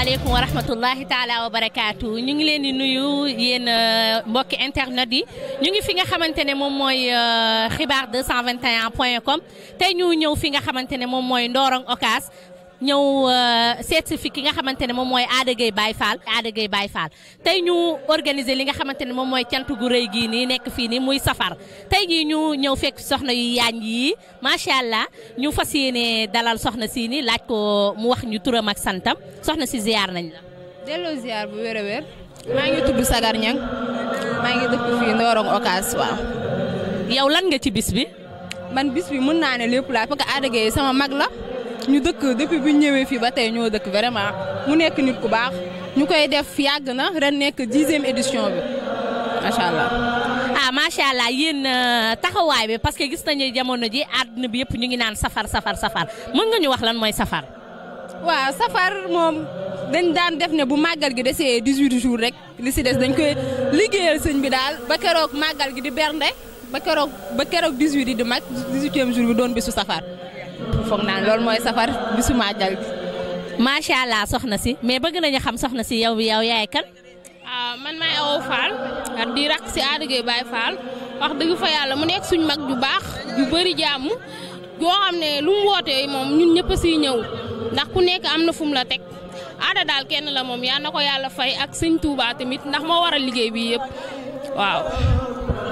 asalaamaaleykum wa rahmatullahi taala wa barakaatu ñu ngi leen di nuyu yéen mbokki internet yi ñu ngi fi nga xamante ne moom mooy xibaar 221 point com tey ñu ñëw fi nga xamante ne moom mooy Ndorong Ocass ñëw euh, seet si fi nga xamante ne moom mooy Ada Gueye Baye Fall Ada Gueye Baye Fall tey ñu organiser li nga xamante ne moom mooy cant gu rëy gii nii nekk fii nii muy safar tey jii ñu ñëw fekk soxna yu yaañ yi macha allah ñu fas yéene dalal soxna si nii laaj ko mu wax ñu turam ak santam soxna si ziar nañ la. delloo ziar bu wér a wér maa ngi tudd Sagar Niang maa ngi dëkk fii Ndorong Okas waaw. yow lan nga ci bis bi. man bis bi mën naa ne lépp laa parce sama mag la. ñu dëkk depuis bu ñu ñëwee fii ba tey ñoo dëkk vraiment mu nekk nit ku baax ñu koy def yàgg na ren nekk dixième édition bi macha allah. ah macha allah yéen euh, taxawaay bi parce que gis nañu jamono ji àdduna bi yëpp ñu ngi naan safar safar safar mën nga ñu wax lan mooy safar. waaw safar moom dañ daan def ne bu màggal gi desee 18 jours rek li si des dañ koy liggéeyal sëñ bi daal ba keroog màggal gi di bernde ba keroog ba keroog 18 yi di mag 18e jour doon bisu safar. foog naan loolu mooy safar bisu màggal gi. macha allah soxna si mais bëgg nañu xam soxna si yow yow yaay kan. Ah, man maay Awa Fall di rakk si Ada Gueye Baye Fall wax dëgg fa yàlla mu nekk suñ mag ju baax ju bëri jàmm yoo xam ne lu mu wootee moom ñun ñëpp a siy ñëw ndax ku nekk am na fu mu la teg. aada daal kenn la moom yaa na ko yàlla fay ak suñ Touba tamit ndax moo waral liggéey bi yëpp waaw.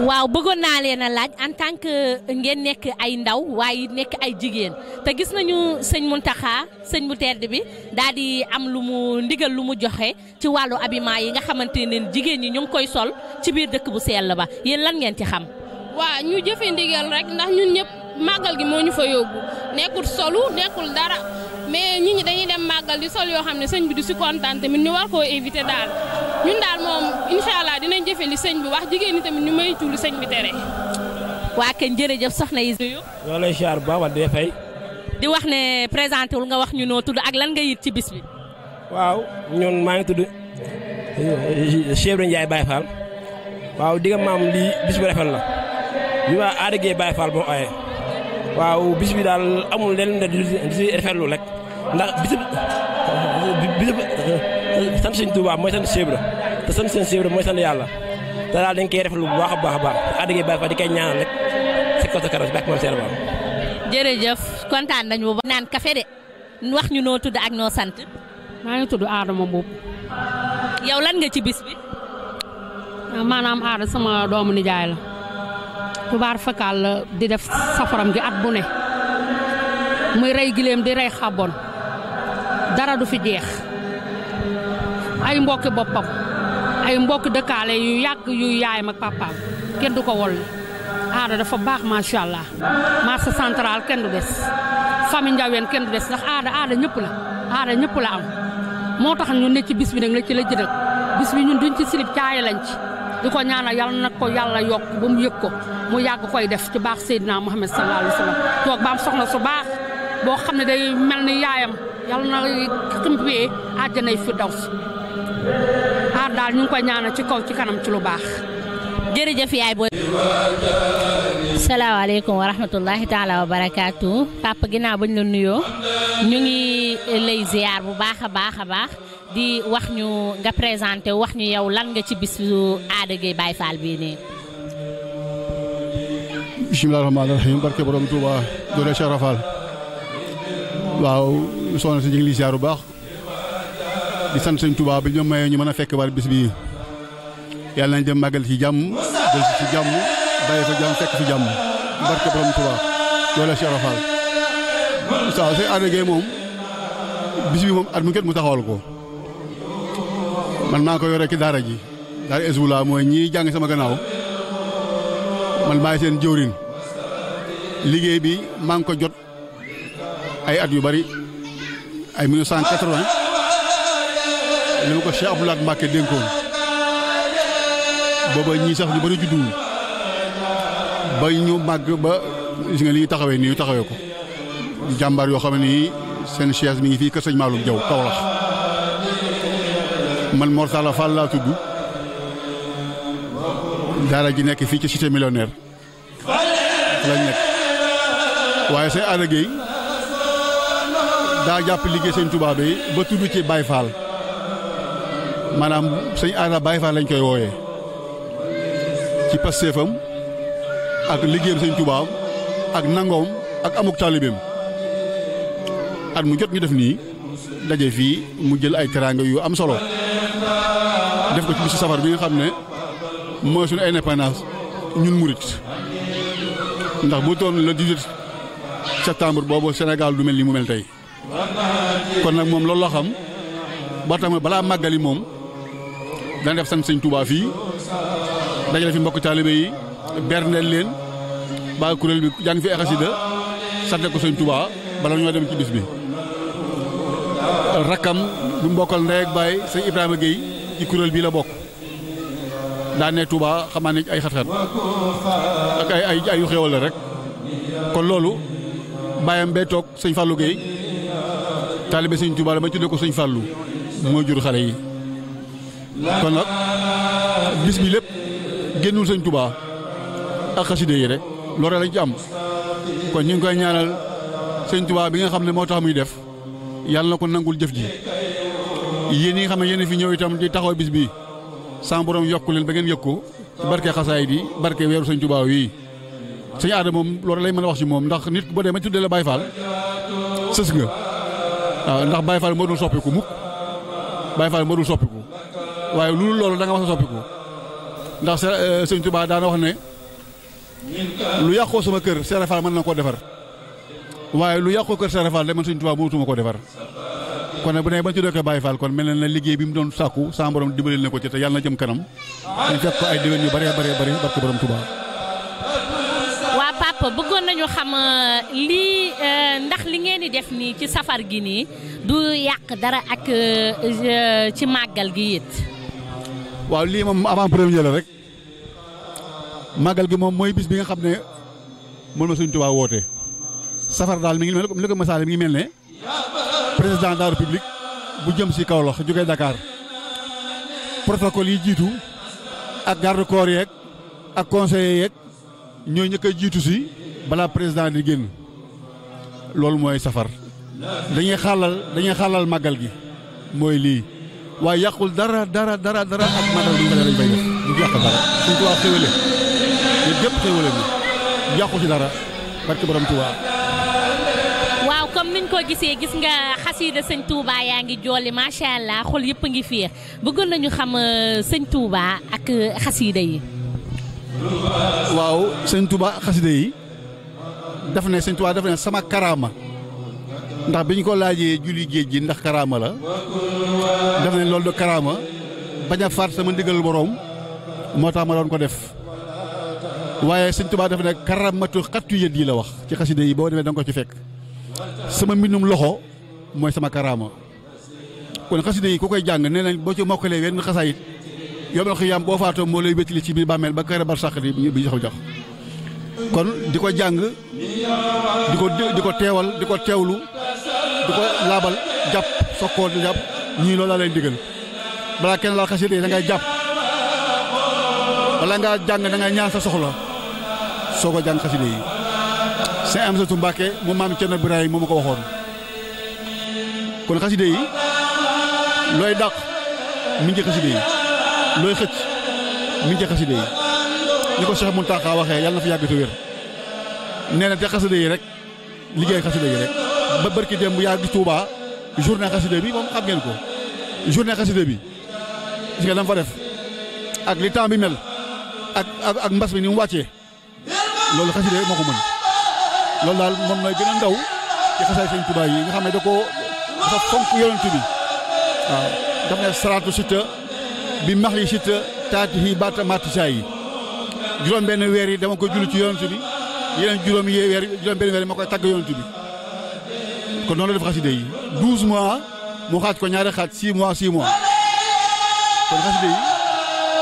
waaw bëggoon naa leen a laaj en tant que ngeen nekk ay ndaw waaye nekk ay jigéen te gis nañu sëñ Muntaxa sëñ mu tedd bi daal di am lu mu ndigal lu mu joxe ci wàllu habillement yi nga xamante ne jigéen ñi ñu ngi koy sol ci biir dëkk bu sell ba yéen lan ngeen ci xam. waa ñu jëfe ndigal rek ndax ñun ñëpp màggal gi moo ñu fa yóbbu nekkul solu nekkul dara mais ñi ñi dañuy dem màggal di sol yoo xam ne sëñ bi du si kontaan tamit ñu war koo éviter daal. ñun daal moom incha dinañ jëfe li sëñ bi wax jigéen ñi tamit ñu maytu lu sëñ bi tere. waa kenn jërëjëf soxna yi. ñoo lay siyaar bu baax wala di fay. di wax ne présenté wul nga wax ñu noo tudd ak lan nga yit ci bis bi. waaw ñun maa ngi tudd eh, eh, Cheikh Ndiaye Baye Fall waaw digga maam lii bis bi rafet na bi waa aadagee Baye Fall moo aye waaw bis bi daal amul lenn di rafetlu rek ndax bis bi sant Sëriñ Tuubaa mooy sant Cheikh te sant seen Cheikh Ibra mooy sant yàlla te daal dañ koy rafetlu bu baax a baax a baax te baax fa di koy ñaanal rek si kaw sa moom seen baam jërëjëf kontaan bu naan café de wax ñu noo tudd ak noo sant maa ngi tudd Adama Mbuub yow lan nga ci bis bi maanaam Adama sama doomu nijaay la tubaar fakal la di def safaram gi at bu ne muy rey gileem di rey xàbboon dara du fi jeex ay mbokki boppam ay mbokki dëkkaale yu yàgg yu yaayam ak papaam kenn du ko wolli aada dafa baax macha allah marché central kenn du des famille Ndiaween kenn du des ndax aada aada ñëpp la aada ñëpp la am moo tax ñu ni ci bis bi nag la ci la jëndal bis bi ci silib lañ ci di ko ñaanal yàlla nag ko yàlla yokk ba mu yëg ko mu yàgg koy def ci baax Seydina Muhammad sallallahu alayhi wa toog ba am soxna su baax boo xam ne day mel ni yaayam yàlla na ximpee àjjanay fi daw si ah daal ñu ngi ko ñaanal ci kaw ci kanam ci lu baax jërëjëf yaay booy salaamaaleykum wa rahmatullahi taala wa barakaatu papa ginnaaw bañ la nuyoo ñu ngi lay ziar bu baax a baax a baax di wax ñu nga présenté wax ñu yow lan nga ci bisu aada gay Baye Fall bii nii bismillah rahmaan rahim barke borom tuuba do Cheikh Rafal waaw soxna si ñu ngi ziar bu baax di sant sëñ Touba bi ñu mayee ñu mën a fekk war bis bi yàlla nañ dem màggal ci jàmm del ci jàmm bàyyi fa jàmm fekk fi jàmm barke borom Touba wala Cheikh Rafal saa si Ada moom bis bi moom at mu mu taxawal ko man maa ko yore ki daara ji daara Hizbut-Lah mooy ñii jàng sama gannaaw man maay seen jëwrin liggéey bi maa ngi ko jot ay at yu bari ay 1980 li ma ko Cheikh Abdou Lahad Mbacké dénkoon booba ñii sax ñu bari judduwul ba ñu màgg ba gis nga li ñu taxawee ni ñu taxawee ko jàmbaar yoo xam ne seen chaise mi ngi fii kër sëñ Maalum Jaw Kawlax man Mor Talla Fall laa tudd daara ji nekk fii ci cité millionnaire lañ nekk waaye seen aada daa jàpp liggéey sëñ Tuubaa bi ba tudd ci Baye Fall maanaam sëñ Ada Baye Fall lañ koy wooyee ci pastéefam ak liggéeyam sëñ Tuubaa ak nangoom ak amuk taalibeem at mu jot ñu def nii daje fii mu jël ay teraanga yu am solo def ko ci safar bi nga xam ne mooy suñu indépendance ñun murit ndax bu toon le 18 septembre boobu Sénégal du mel ni mu mel tey kon nag moom loolu la xam ba tax balaa màggali moom. dana def sant sëñ tubaa fii dajale fi mbokk taalibe yi berndeel leen ba kuréel bi jàng fi ay xasida sante ko sëñ Touba bala ñoo dem ci bis bi rakkam bu mbokkal ndey ak baay sëñ Ibrahima Gueye ci kuréel bi la bokk daa ne Touba xamaa ne ay xat-xat ak ay ay ay yu la rek kon loolu bàyyam bee toog sëñ Fallou Gueye taalibe sëñ Touba dama tuddee ko sëñ Fallou mooy jur xale yi kon nag bis bi lépp génnul sëñ Touba ak xaside yi rek loolu lañ ci am kon ñu ngi koy ñaanal sëñ Touba bi nga xam ne moo tax muy def yàlla na ko nangul jëf ji yéen yi xam ne yéen fi ñëw itam di taxaw bis bi sans borom yokku leen ba ngeen yëg ko barke xasaay di barke weeru sëñ tubaa wii sëñ Adama moom loolu lay mën a wax ci moom ndax nit boo dee ma tuddee la Baye Fall sës nga waaw ndax Baye Fall moo dul soppiku mukk Baye Fall moo dul soppiku waaye lu loolu da nga mas ko ndax ndax euh, sëñ Tuubaa daana wax ne lu yàqoo sama kër Serigne Fall mën na koo defar waaye lu yàqoo kër Serigne Fall de man sëñ Tuubaa mënatuma koo defar kon nag bu ne ba ci dookee Baye Fall kon mel na liggéey bi mu doon sàkku sa borom dimbalil ne ko ci te yàlla na jëm kanam ñu fekk ko ay déwén yu bëree bëree bëri barke borom Tuubaa waa papa bëggoon nañu xam euh, lii euh, ndax li ngeen di def nii ci safar gi nii du yàq dara màggal gi waaw lii moom avant premier la rek màggal gi moom mooy bis bi nga xam ne moom la Sëñ Tuubaa safar daal mi ngi mel ni ko misaal mi ngi mel ne président de république bu jëm si Kaolack jóge Dakar protocole yi jiitu ak garde corps yeeg ak conseillers yeeg ñooy ñëkk jiitu si balaa président di génn loolu mooy safar dañuy xàllal dañuy xàllal màggal gi mooy lii. Wah ya dara dara dara dara ak maanaam li nga xam def du yàq dara suñ Tuubaa xéwale yéen ñëpp xéwale bi yàqu ci dara barke borom Tuubaa. comme niñ ko gisee gis nga xasiida Touba allah xol ngi bëggoon nañu xam euh, Touba euh, ak xasiida yi. waaw Touba yi sama ndax biñ ko laajee julli géej gi ndax karaama la def nañ loolu de karaama bañ a sama ndigal borom moo tax ma doon ko def waaye sëñ tubaa dafa ne karamatu xattu yët yi la wax ci xaside yi boo demee da ko ci fekk sama minum loxo mooy sama karaama kon xaside yi ku koy jàng nee nañ boo ci mokkalee wenn xasaayit yombal xiyam boo faatoo moo lay wéttali ci biir bàmmeel ba kër bar sàq di bi jox jox kon di ko jàng di ko di ko diko ko laabal jàpp sokkoon jàpp ñii loolu laa leen digal bala ken la xasida yi da ngay jàpp bala nga jang da ngay ñaan sa soxla soko jang jàng xasida yi sëñ Amsatu Mbàkke mu maam Cerno Birahim moo ma ko waxoon kon xasida yi loy dak mi ngi xasida yi loy xecc mi ngi xasida yi niko Cheikh muntaka waxe yalla na fi yàgg te wér te xasida yi rek liggéey xasida yi rek ba bërki démb yaa ngi Touba journée xasida bi moom xam ngeen ko journée xasida bi gis nga dama fa def ak li bi mel ak ak mbas mi ni mu wàccee loolu xasida moo ko mën loolu daal moom mooy gën a ndaw ci xasaay sëñ Touba yi nga xam ne da koo dafa fonk yonent bi waaw daf ne salaatu sitta bi max yi sitta taati yi baata yi juróom benn weer yi dama koy julli ci yonent bi yeneen juróom yi weer juróom benn weer yi ma koy tagg yonent bi kon noonu la def xaside yi 12 mois mu xaaj ko ñaari xaaj 6 mois 6 mois kon xaside yi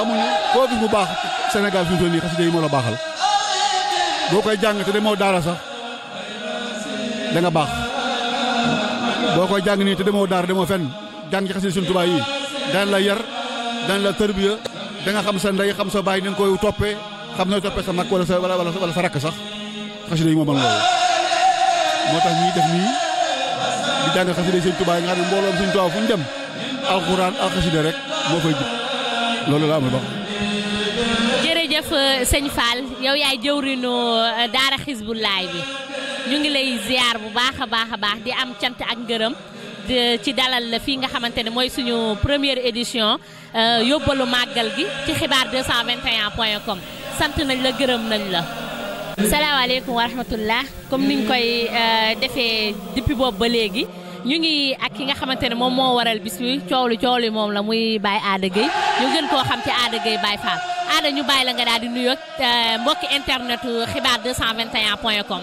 amuñu koo gis mu baax Sénégal fi mu toll nii xaside moo la boo koy jàng te demoo daara sax da baax boo koy jàng nii te demoo daara demoo fenn jàng ci xaside suñu tubaay yi la yar daan la tërbiya da nga xam sa ndey xam sa baay ni nga koy toppee xam na toppee sa mag wala sa wala sa rakk sax xaside yi moo mën loolu moo tax ñuy def nii. di jàng xasida sëñ Tuubaa nga xam ne mbooloom sëñ Tuubaa fu ñu dem alxuraan ak xasida rek moo fay jub loolu la amul ba jërëjëf euh, sëñ Fall yow yaay jëwriñu euh, daara xisbulaay bi ñu ngi lay ziar bu baax a baax a baax di am cant ak ngërëm ci dalal la fii nga xamante ne mooy suñu première édition euh, yóbbalu màggal gi ci xibaar 221 point com sant nañ la gërëm nañ la salaamaaleykum wa rahmatullah comme niñ koy euh, defee depuis boobu ba léegi ñu ngi ak ki nga xamante ne moom moo waral bis coow lu coow li moom la muy Baye Ada Gueye ñu gën koo xam ci Ada Gueye Baye Fall Ada ñu bàyyi la nga daal di nuyoog euh, mbokki internet xibaar 221 point com.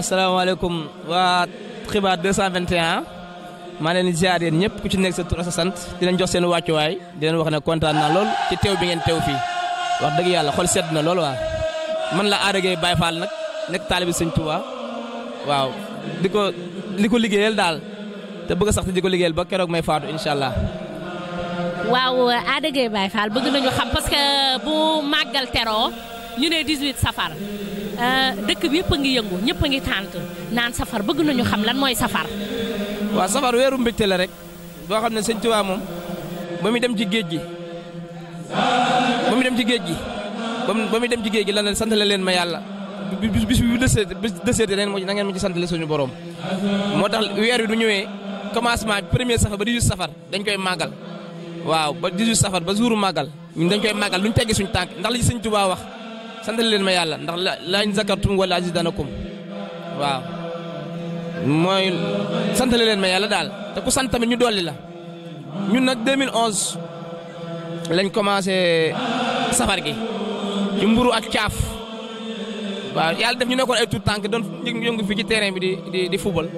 asalaamaaleykum waa xibaar 221 maa leen di ziar yéen ñëpp ku ci nekk sa tur sa sant di leen jox seen wàccuwaay di wax ne kontaan naa lool ci teew bi ngeen teew fii wax dëgg yàlla xol sedd na lool man la Ada Gueye Baye nag nekk taalibi sëñ waaw di ko di ko liggéeyal daal te bëgg sax ji ko liggéeyal ba keroog may faatu incha allah. waaw Ada Gueye Baye Fall nañu xam parce que bu màggal teroo ñu ne 18 safar euh, dëkk bi yëpp ngi yëngu ñëpp a ngi tànt naan safar bëgg nañu xam lan mooy safar. waaw safar weeru mbégte la rek boo xam ne sëñ Touba moom ba muy dem ci géej gi ba ci géej gi. ba mu ba muy dem ci géej gi la leen sant leen ma yàlla bis bis bu dese dese te neen na ngeen ma ci sant suñu borom. moo tax weer wi du ñëwee commencement premier safar ba 18 safar dañ koy màggal waaw ba 18 safar ba jouru màggal ñun dañ koy màggal luñ teggi suñu tànk ndax li sëñ Tuubaa wax sant leen ma yàlla ndax la laañ zakartum wala azidanakum waaw mooy sant leen ma yàlla daal te ku sant tamit ñu dolli la ñun nag 2011 lañ commencé safar gi ci mburu ak caaf waaw yàlla def ñu nekkoon ay tuut tànk doon yëngu fii ci terrain bi di di di fubal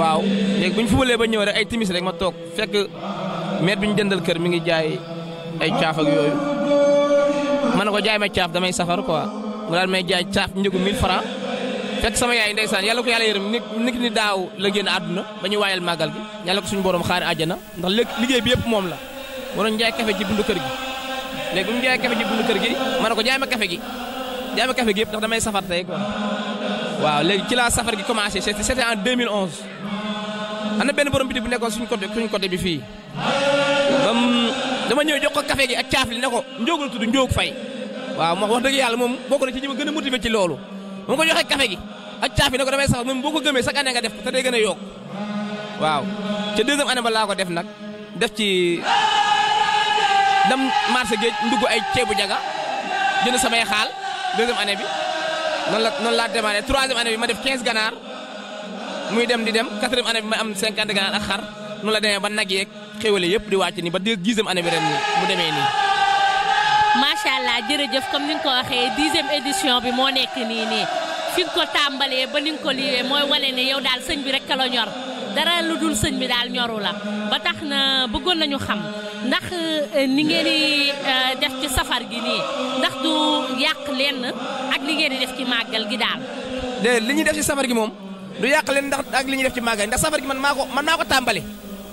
waaw léegi bu ñu fubalee ba ñëw rek ay timis rek ma toog fekk maire bi ñu jëndal kër mi ngi jaay ay caaf yooyu ma a ko jaay ma caaf damay safar quoi mu daal may jaay caaf njëgu 1000 francs fekk sama yaay ndeysaan yàlla ko yàlla yërëm nit nit ni daaw la génn àdduna ba ñu waayal màggal bi yàlla ko suñu borom xaari àjjana ndax liggéey bi yëpp moom la waroon jaay café ci kër gi. léegi bu mu jaayee café gi kër gi ma ne ko jaay ma café gi jaay ma café gi yëpp ndax damay safar tey quoi waaw léegi ci laa safar gi commencé c'était en 2011 am na benn borom biti bu nekkoon suñ côté suñ côté bi fii dama ñëw jox ko café gi ak caaf ne ko njóogul tudd njóog fay waaw moo wax dëgg yàlla moom bokk na ci ñi ma gën a ci loolu mu ko joxee kafe gi ak caaf bi ne ko damay safar moom boo ko gëmee chaque année nga def te day gën a yokk waaw ca deuxième année ba laa ko def nag def ci dem marché géej ndugg ay ceebu jaga jënd samay xaal deuxième année bi noonu la noonu laa démarré troisième année bi ma def 15 ganaar muy dem di dem quatrième année bi ma am 50 ganaar ak xar noonu la demee ba nag yeeg xéwale yëpp di wàcc nii ba dixième année bi ren mu demee nii. macha allah jërëjëf comme ni ko waxee dixième édition bi moo nekk nii nii fi nga ko tàmbalee ba ni nga ko liiwee mooy wane ne yow daal sëñ bi rek ka la dara lu dul sëñ bi daal ñoru la ba tax na bëggoon nañu xam ndax eh, ni ngeen eh, def ci safar gi nii ndax du yàq lenn ak li ngeen def ci màggal gi daal. de li ñuy def ci safar gi moom du yàq leen ndax ak li ñuy def ci màggal ndax safar gi man maa ko man maa ko tàmbali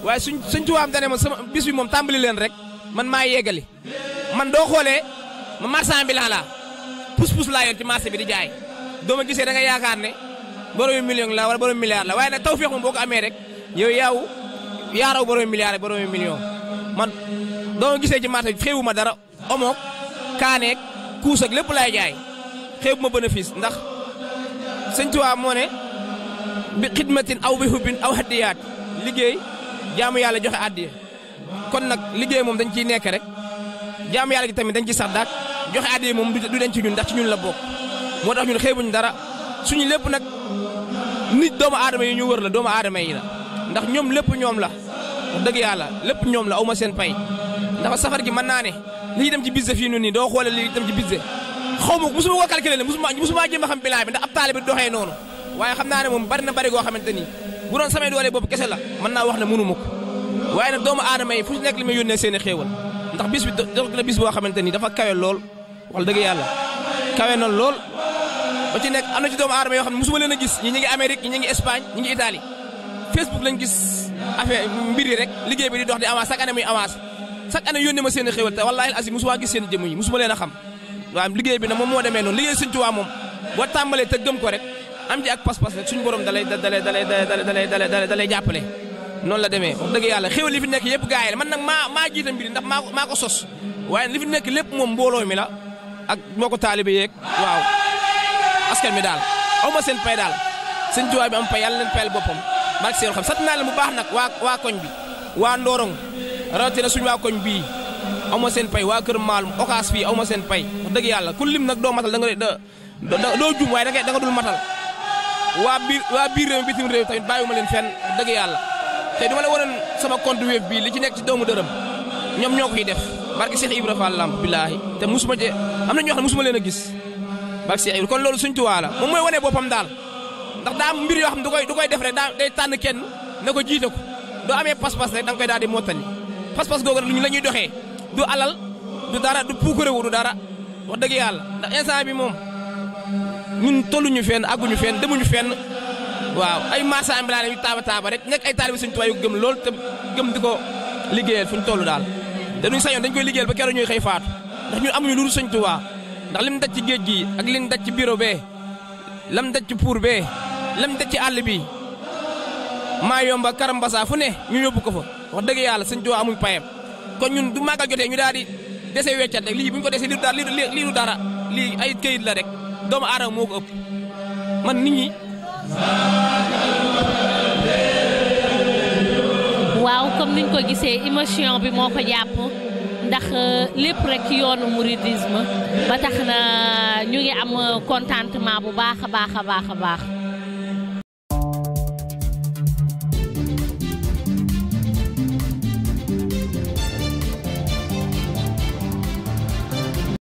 waaye suñ suñ tubaab dane ma sama bis bi moom tàmbali leen rek man maa yegali man doo xoolee ma marchand ambulant laa pousse pousse laa yoon ci marché bi di jaay doo ma gisee da nga yaakaar ne. boromi million la wala boromi milliard la waaye nag taw feex moom boo ko amee rek yow yaaw yaa raw boromi milliard ak man doo gisee ci marché bi ma dara omoog kaaneeg kuus ak lépp laay jaay xewu ma bénéfice ndax sëñ Tuubaa moo ne bi xidmatin aw bi hubbin aw hadiyaat liggéey jaamu yàlla joxe addiya kon nag liggéey moom dañ ciy nekk rek jaamu yàlla gi tamit dañ ci sax daak joxe addiya moom du dañ ci ñun ndax ci ñun la bokk moo tax ñun xeebuñ dara suñu lépp nag nit doomu adama yi ñu wër la doomu adama yi la ndax ñom lépp ñom la wax dëgg yàlla lépp ñom la awma seen pay ndax safar gi man na ne li dem ci budget fi nu ni do xolal li dem ci budget xawmu musuma ko calculer musuma musuma jëm xam bilay bi ndax ab talib doxé nonu waye xam na ne mom bari na bari go xamanteni bu doon samay doole boobu kessela man na wax ne munu muko waye nak doomu adama yi fu nekk limay may seen xewal ndax bis bi dox na bis bo xamanteni dafa kawe lool wal dëgg yàlla kawe na lool ba ci nekk am ci doomu aadama yoo xam ne a gis ñi ñi ngi Amérique ñi ñi ngi ñi ngi Italie Facebook lañ gis affaire mbir rek liggéey bi di dox di avance chaque année muy avance chaque année yónnee seen i xéwal te wallaahi asi mosuma gis seen jëmm yi mosuma a xam waaw liggéey bi nag moom moo demee noonu liggéey Sëñ Tuubaa moom boo tàmbalee te gëm ko rek am ji ak pas-pas rek suñu borom dalay dalay dalay dalay dalay dalay jàppale noonu la demee wax dëgg yàlla xéwal li fi nekk yëpp gaay la man nag maa maa lépp moom mbooloo mi la ak moo ko taalibe yeeg waaw askan mi daal aw ma seen pay daal sëñ tuwaay bi am pay yàlla leen payal boppam barke seen xam sant naa leen bu baax nag waa waa koñ bi waa ndorong na suñ waa koñ bii aw ma seen pay waa kër maalum okaas fii aw ma seen pay wax dëgg yàlla ku lim nag doo matal da nga da doo jum waaye da nga da nga dul matal waa biir waa biir réew bitim réew tamit bàyyiwuma leen fenn wax dëgg yàlla te duma la wonoon sama compte web bi li ci nekk ci doomu dërëm ñoom ñoo koy def barki Cheikh Ibra Fall lamp billaahi te musuma je am na ñoo xam ne musuma leen a gis barke Seex kon loolu Sëñ Tuubaa la moom mooy wane boppam daal ndax daa mbir yoo xam du koy du koy def rek daa day tànn kenn na ko jiite ko doo amee pas-pas rek da nga koy daal di mottali pas-pas googu nag ñu la ñuy doxee du alal du dara du puukarewu du dara wax dëgg yàlla ndax instant bi moom ñun tolluñu fenn aguñu fen demuñu fenn waaw ay marchands ambulants yu taaba taaba rek nekk ay taalibe Sëñ Tuubaa yu gëm lool te gëm di ko liggéeyal fu ñu toll daal. te nuñ sañoon dañ koy liggéeyal ba keroog ñuy xëy faatu ndax ñun lu dul Sëñ Tuubaa ndax lim daj ci géej gi ak lim daj ci bureau bee lam daj ci pour bee lam daj ci àll bi maa yomba karambasa fu ne ñu yóbbu ko fa wax dëgg yàlla sëñ Tuubaa amuñ payam kon ñun du màggal jotee ñu daal di dese weccat rek lii bu ko dese lii du dara lii du dara lii ay këyit la rek doomu aadama moo ko ëpp man nit ñi. waaw comme niñ ko gisee émotion bi moo ko jàpp. ndax euh, lépp rek yoonu mouridisme ba tax na ñu ngi am euh, contentement bu baax a baax a baax a baax